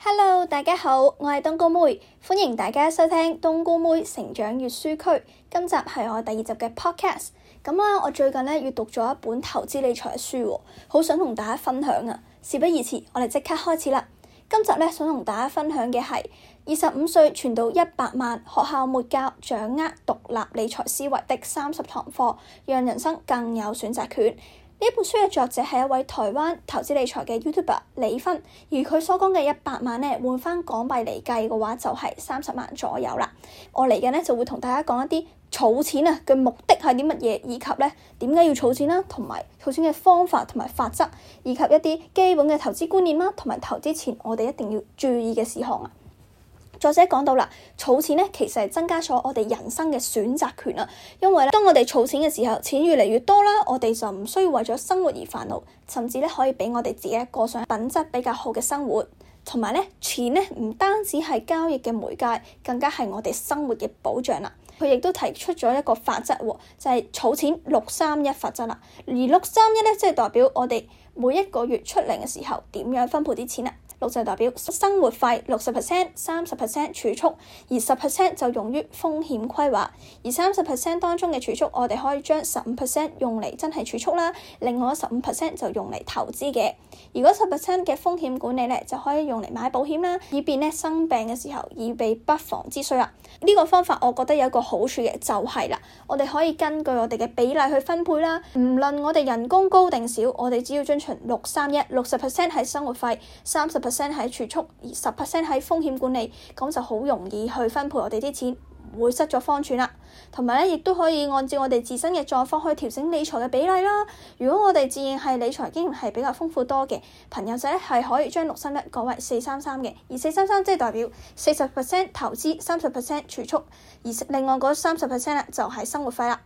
Hello，大家好，我係冬菇妹，歡迎大家收聽冬菇妹成長閱書區。今集係我第二集嘅 podcast，咁啦，我最近呢閱讀咗一本投資理財嘅書，好想同大家分享啊。事不宜遲，我哋即刻開始啦。今集呢，想同大家分享嘅係二十五歲存到一百萬，學校沒教，掌握獨立理財思維的三十堂課，讓人生更有選擇權。呢本書嘅作者係一位台灣投資理財嘅 YouTuber 李芬，而佢所講嘅一百萬呢，換返港幣嚟計嘅話，就係三十萬左右啦。我嚟嘅呢，就會同大家講一啲儲錢啊嘅目的係啲乜嘢，以及呢點解要儲錢啦，同埋儲錢嘅方法同埋法則，以及一啲基本嘅投資觀念啦，同埋投資前我哋一定要注意嘅事項啊。作者講到啦，儲錢咧其實係增加咗我哋人生嘅選擇權啊。因為咧，當我哋儲錢嘅時候，錢越嚟越多啦，我哋就唔需要為咗生活而煩惱，甚至咧可以俾我哋自己過上品質比較好嘅生活。同埋呢，錢咧唔單止係交易嘅媒介，更加係我哋生活嘅保障啦。佢亦都提出咗一個法則喎，就係、是、儲錢六三一法則啦。而六三一咧，即係代表我哋每一個月出嚟嘅時候，點樣分配啲錢啊？六就代表生活費六十 percent，三十 percent 儲蓄，而十 percent 就用於風險規劃。而三十 percent 當中嘅儲蓄，我哋可以將十五 percent 用嚟真係儲蓄啦，另外十五 percent 就用嚟投資嘅。如果十 percent 嘅風險管理呢，就可以用嚟買保險啦，以便呢生病嘅時候以備不防之需啦。呢、呢個方法我覺得有一個好處嘅，就係、是、啦，我哋可以根據我哋嘅比例去分配啦。唔論我哋人工高定少，我哋只要遵循六三一，六十 percent 係生活費，三十，percent 喺儲蓄，而十 percent 喺風險管理，咁就好容易去分配我哋啲錢，唔會失咗方寸啦。同埋咧，亦都可以按照我哋自身嘅狀況去調整理財嘅比例啦。如果我哋自認係理財經驗係比較豐富多嘅朋友仔，係可以將六三一改為四三三嘅，而四三三即係代表四十 percent 投資，三十 percent 儲蓄，而另外嗰三十 percent 啦就係、是、生活費啦。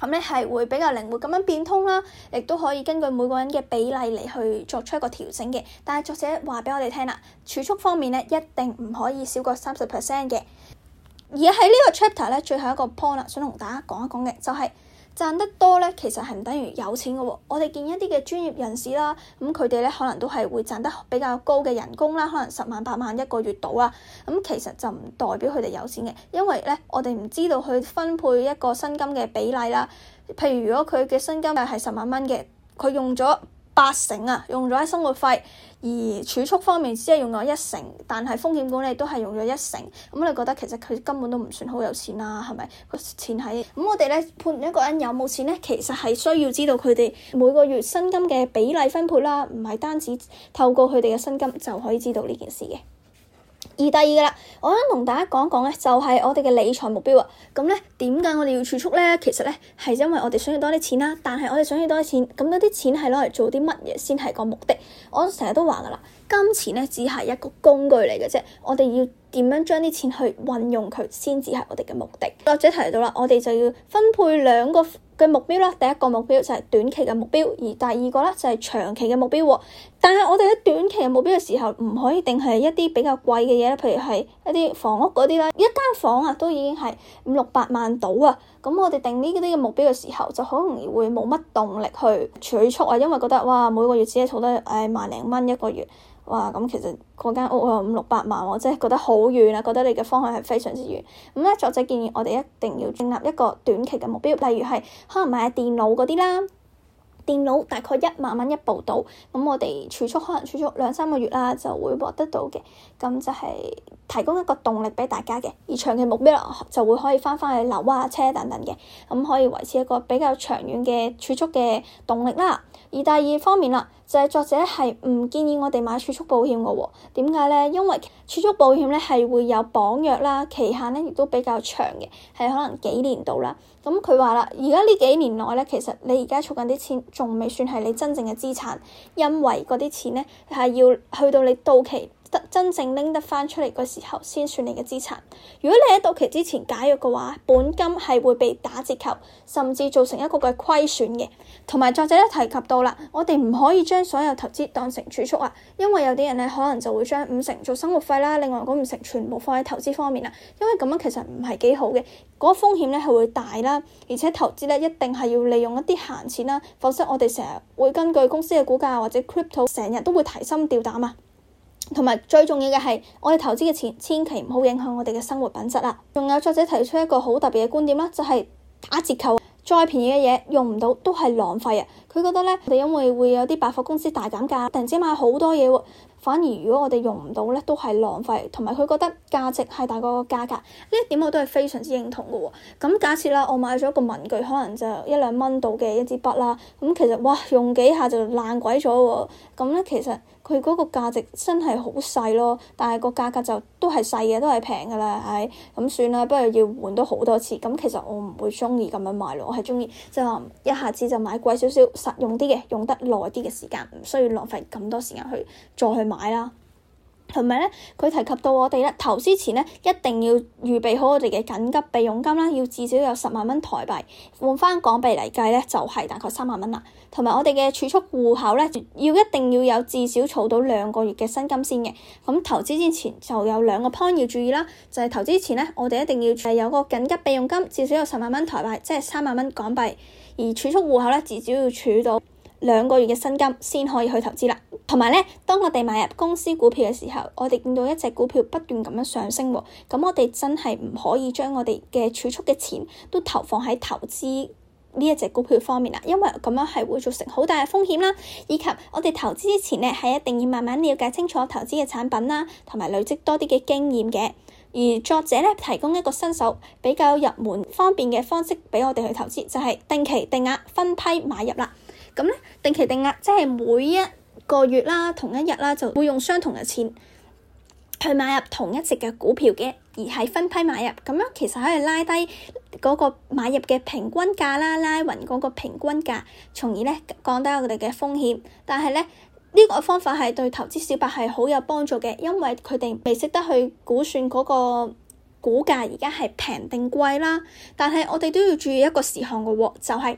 咁咧係會比較靈活咁樣變通啦，亦都可以根據每個人嘅比例嚟去作出一個調整嘅。但係作者話俾我哋聽啦，儲蓄方面咧一定唔可以少過三十 percent 嘅。而喺呢個 chapter 咧最後一個 point 啦，想同大家講一講嘅就係、是。賺得多咧，其實係唔等於有錢嘅喎。我哋見一啲嘅專業人士啦，咁佢哋咧可能都係會賺得比較高嘅人工啦，可能十萬八萬一個月度啦。咁其實就唔代表佢哋有錢嘅，因為咧我哋唔知道佢分配一個薪金嘅比例啦。譬如如果佢嘅薪金係十萬蚊嘅，佢用咗。八成啊，用咗喺生活費，而儲蓄方面只係用咗一成，但係風險管理都係用咗一成。咁你覺得其實佢根本都唔算好有錢啦，啊，係咪？個錢係咁我哋呢，判一個人有冇錢呢，其實係需要知道佢哋每個月薪金嘅比例分配啦，唔係單止透過佢哋嘅薪金就可以知道呢件事嘅。二第二噶啦，我想同大家講一講咧，就係、是、我哋嘅理財目標啊。咁咧，點解我哋要儲蓄咧？其實咧，係因為我哋想要多啲錢啦。但係我哋想要多啲錢，咁多啲錢係攞嚟做啲乜嘢先係個目的？我成日都話噶啦，金錢咧只係一個工具嚟嘅啫。我哋要點樣將啲錢去運用佢，先至係我哋嘅目的。或者提到啦，我哋就要分配兩個嘅目標啦。第一個目標就係短期嘅目標，而第二個咧就係長期嘅目標。但係我哋喺短期嘅目標嘅時候，唔可以定係一啲比較貴嘅嘢。譬如係一啲房屋嗰啲啦，一間房啊，都已經係五六百萬到啊。咁我哋定呢啲嘅目標嘅時候，就好容易會冇乜動力去儲蓄啊，因為覺得哇，每個月只係儲得誒萬零蚊一個月，哇咁其實嗰間屋啊五六百萬，即係覺得好遠啊，覺得你嘅方向係非常之遠。咁咧，作者建議我哋一定要建立一個短期嘅目標，例如係可能買電腦嗰啲啦。電腦大概一萬蚊一部到，咁我哋儲蓄可能儲蓄兩三個月啦，就會獲得到嘅，咁就係、是。提供一個動力畀大家嘅，而長期目標就會可以翻返去樓啊、車等等嘅，咁可以維持一個比較長遠嘅儲蓄嘅動力啦。而第二方面啦，就係作者係唔建議我哋買儲蓄保險嘅喎。點解咧？因為儲蓄保險咧係會有綁約啦，期限咧亦都比較長嘅，係可能幾年到啦。咁佢話啦，而家呢幾年內咧，其實你而家儲緊啲錢，仲未算係你真正嘅資產，因為嗰啲錢咧係要去到你到期。真正拎得翻出嚟嘅時候，先算你嘅資產。如果你喺到期之前解約嘅話，本金係會被打折扣，甚至造成一個嘅虧損嘅。同埋作者咧提及到啦，我哋唔可以將所有投資當成儲蓄啊，因為有啲人咧可能就會將五成做生活費啦，另外嗰五成全部放喺投資方面啦，因為咁樣其實唔係幾好嘅，嗰、那個、風險咧係會大啦，而且投資咧一定係要利用一啲閒錢啦，否則我哋成日會根據公司嘅股價或者 crypto 成日都會提心吊膽啊。同埋最重要嘅係，我哋投資嘅錢千祈唔好影響我哋嘅生活品質啊！仲有作者提出一個好特別嘅觀點啦，就係打折扣，再便宜嘅嘢用唔到都係浪費啊！佢覺得呢，我哋因為會有啲百貨公司大減價，突然之間買好多嘢喎。反而如果我哋用唔到咧，都係浪費，同埋佢覺得價值係大過個價格，呢一點我都係非常之認同嘅。咁、哦、假設啦，我買咗一個文具，可能就 1, 一兩蚊到嘅一支筆啦，咁其實哇，用幾下就爛鬼咗喎。咁咧其實佢嗰個價值真係好細咯，但係個價格就都係細嘅，都係平嘅啦，唉咁算啦，不如要換多好多次。咁其實我唔會中意咁樣買咯，我係中意就話、一下子就買貴少少、實用啲嘅，用得耐啲嘅時間，唔需要浪費咁多時間去再去買。買啦，同埋咧，佢提及到我哋咧，投資前咧一定要預備好我哋嘅緊急備用金啦，要至少有十萬蚊台幣，換翻港幣嚟計咧就係大概三萬蚊啦。同埋我哋嘅儲蓄戶口咧，要一定要有至少儲到兩個月嘅薪金先嘅。咁投資之前就有兩個 point 要注意啦，就係投資前咧，我哋一定要係有個緊急備用金，至少有十萬蚊台幣，即係三萬蚊港幣，而儲蓄戶口咧至少要儲到。兩個月嘅薪金先可以去投資啦。同埋呢，當我哋買入公司股票嘅時候，我哋見到一隻股票不斷咁樣上升喎，咁我哋真係唔可以將我哋嘅儲蓄嘅錢都投放喺投資呢一隻股票方面啦，因為咁樣係會造成好大嘅風險啦。以及我哋投資之前呢，係一定要慢慢了解清楚投資嘅產品啦，同埋累積多啲嘅經驗嘅。而作者呢，提供一個新手比較入門方便嘅方式俾我哋去投資，就係定期定額分批買入啦。咁咧，定期定額即係每一個月啦，同一日啦，就會用相同嘅錢去買入同一隻嘅股票嘅，而係分批買入。咁樣其實可以拉低嗰個買入嘅平均價啦，拉勻嗰個平均價，從而咧降低我哋嘅風險。但係咧，呢個方法係對投資小白係好有幫助嘅，因為佢哋未識得去估算嗰個股價而家係平定貴啦。但係我哋都要注意一個事項嘅喎，就係。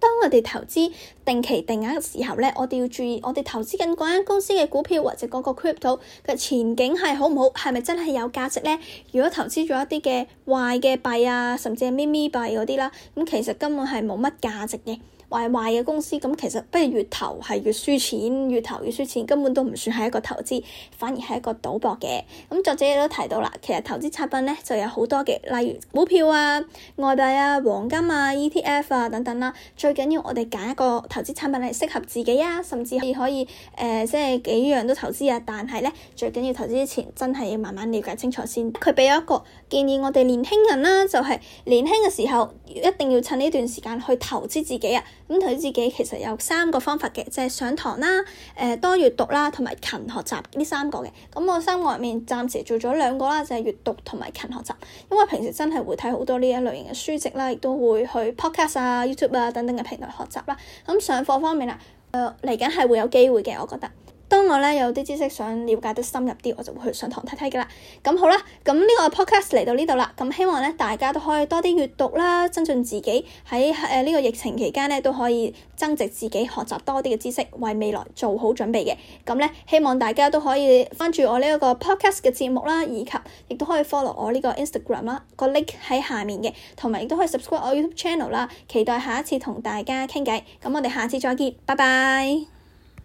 當我哋投資定期定額嘅時候咧，我哋要注意，我哋投資緊嗰間公司嘅股票或者嗰個 crypto 嘅前景係好唔好，係咪真係有價值咧？如果投資咗一啲嘅壞嘅幣啊，甚至係咪咪幣嗰啲啦，咁其實根本係冇乜價值嘅。壞壞嘅公司咁，其實不如越投係越輸錢，越投越輸錢，根本都唔算係一個投資，反而係一個賭博嘅。咁、嗯、作者亦都提到啦，其實投資產品咧就有好多嘅，例如股票啊、外幣啊、黃金啊、ETF 啊等等啦、啊。最緊要我哋揀一個投資產品係適合自己啊，甚至可以誒、呃，即係幾樣都投資啊。但係呢，最緊要投資之前，真係要慢慢了解清楚先。佢俾咗一個建議，我哋年輕人啦、啊，就係、是、年輕嘅時候一定要趁呢段時間去投資自己啊。咁佢自己其實有三個方法嘅，就係、是、上堂啦、誒、呃、多閱讀啦同埋勤學習呢三個嘅。咁我三個入面暫時做咗兩個啦，就係、是、閱讀同埋勤學習。因為平時真係會睇好多呢一類型嘅書籍啦，亦都會去 podcast 啊、YouTube 啊等等嘅平台學習啦。咁上課方面啦，誒嚟緊係會有機會嘅，我覺得。當我咧有啲知識想了解得深入啲，我就會去上堂睇睇㗎啦。咁好啦，咁呢個 podcast 嚟到呢度啦。咁希望咧大家都可以多啲閱讀啦，增進自己喺誒呢個疫情期間咧都可以增值自己學習多啲嘅知識，為未來做好準備嘅。咁咧希望大家都可以跟住我呢一個 podcast 嘅節目啦，以及亦都可以 follow 我呢個 Instagram 啦，個 link 喺下面嘅，同埋亦都可以 subscribe 我 YouTube channel 啦。期待下一次同大家傾偈。咁我哋下次再見，拜拜。